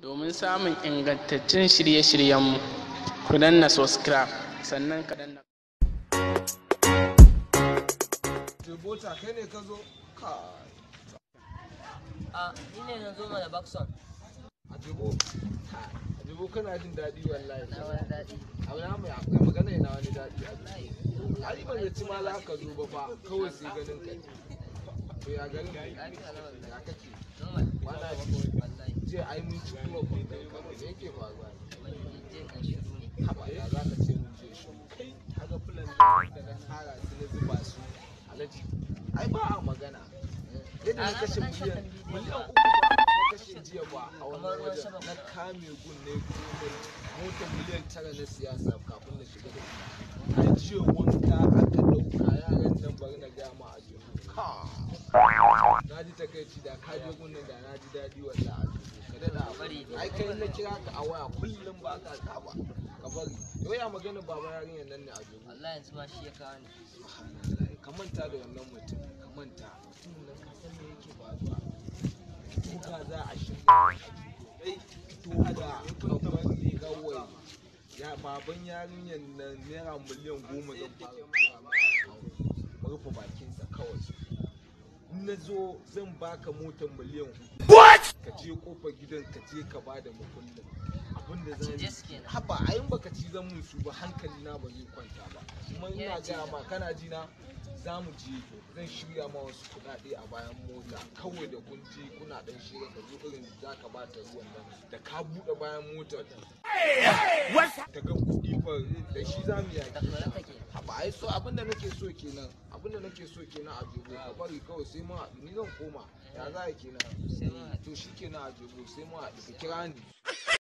domin samun ingantaccen shirye-shiryenmu ku danna subscribe sannan ka danna Jibota kai ne ka zo ka a ah, ni ne na zo mana Bakson a jibo a jibo kana jin daɗi wallahi na wani daɗi abu na mai akwai magana yana wani daɗi a jibo Ali ban yaci ma za ka zo ba fa kawai sai ganin ka to ya ganin ka ya kake wala jiya ai mun ci club ne da kamar da yake faruwa haba ya za ka ce mun je shi kai kaga fulan da na tara su na zuba su alaji ai ba a magana yadda na kashe miliyan miliyan uku na kashe jiya ba a wannan wajen na kame gun ne kuma komai mota miliyan tara na siyasa kafin takaici da ka je gunnin da na ji daɗi wallahi ka daɗa bari ai kai na kira ka a waya kullum ba ka saba ka bari yau ya maganin baban yarinyar nan ne a jogo wallahi yanzu ba shi ya kawo ka manta da wannan mutum ka manta mutum nan ka san me yake ba za a shirya duka da babban rigawai ya baban yarinyar nan naira miliyan goma zan fara rufe bakinsa kawai na zo zan baka motar miliyan hudu ka je kofar gidan ka je ka ba da makullin abin da zan haba a yin baka ci zan musu ba hankali na ba zai kwanta ba kuma ina gaya ma kana ji na za mu je zan shirya ma wasu kuɗaɗe a bayan mota kawai da kun je kuna ɗan shirya ka zo irin za ka ba ta ruwan nan da ka buɗe bayan motar ta ga kuɗi fa da shi za mu yaki ba ai so abinda nake so kenan abinda nake so kenan a jego ka bari kawai sai mun haɗu ni zan koma ya za kenan to shi kenan a jego sai mun haɗu ka kira ni